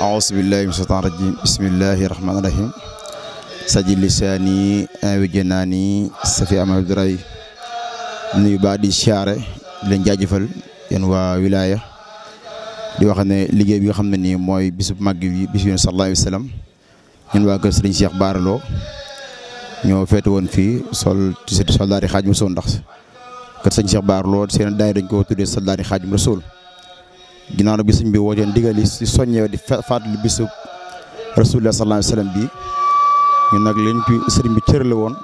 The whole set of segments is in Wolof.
أعوذ بالله من الشيطان الرجيم بسم الله الرحمن الرحيم سجل لساني وجناني سفي أمام الدراي nuyu baa di siyaare di jaajëfal yéen waa wilaaya di wax ne liggéey bi xam ne nii mooy bisub màgg bi bis bi sallallahu alayhi wa sallam waa kër Serigne Cheikh Bara Lo ñoo feete woon fii sol soldaari Xaadimu Rasuul ndax kër Serigne Cheikh Bara Lo seen daay dañ ko tuddee soldaari Xaadimu Rasuul ginnaaw bi sëñ bi woojoon digal yi si soññee di fàttali bisu rasulullah sallallahu alayhi wasallam bi ñun nag liñ ci sëriñ bi cërale woon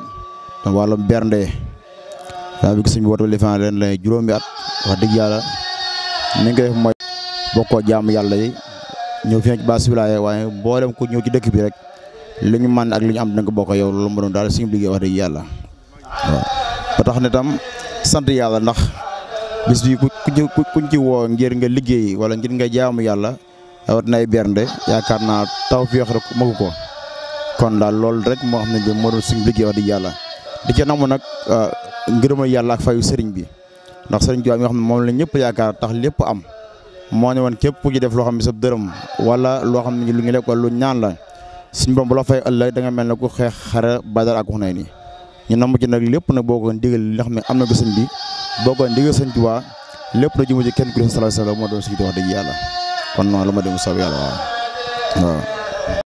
wàllum bernde daa bi sëñ bi woote lifan leen la juróomi at wax dëgg yàlla ni nga def mooy bokkoo jaamu yàlla yi ñëw fi ci baas wilaaya waaye mboolem ku ñëw ci bi rek li ñu mën ak li ñu am danga bokk yow loolu ma doon daal suñu liggéey wax dëgg yàlla waaw ba tax ne tam sant yàlla ndax bis bi ku ci kuñ ci woo ngir nga liggéey wala ngir nga jaamu yàlla awat nay bernde yaakaar naa taw féex rek magu ko kon daal loolu rek moo xam ne moo doon liggéey wax dëgg di ca namu nag ah, ngërëmal yàlla ak fayu sëriñ bi ndax sëriñ bi nga xam ne moom la ñëpp yaakaar tax lépp am moo ne woon képp ku ci def loo xam ne sa dërëm wala loo xam ne lu ngi lekk lu ñaan la suñ borom bu la fay ëllëg da mel ne ku xeex xare badar ak wax nay ni ñu namu ci nag lépp nag boo ko digal li nga xam ne am na gësën bi boo boogoon ndigal sëñ Tuubaa lépp na jëmu ci kenn ku ne sallallahu alayhi wa sallam moo doon suñu wax dëgg yàlla kon noonu la ma dem soob yàlla waaw waaw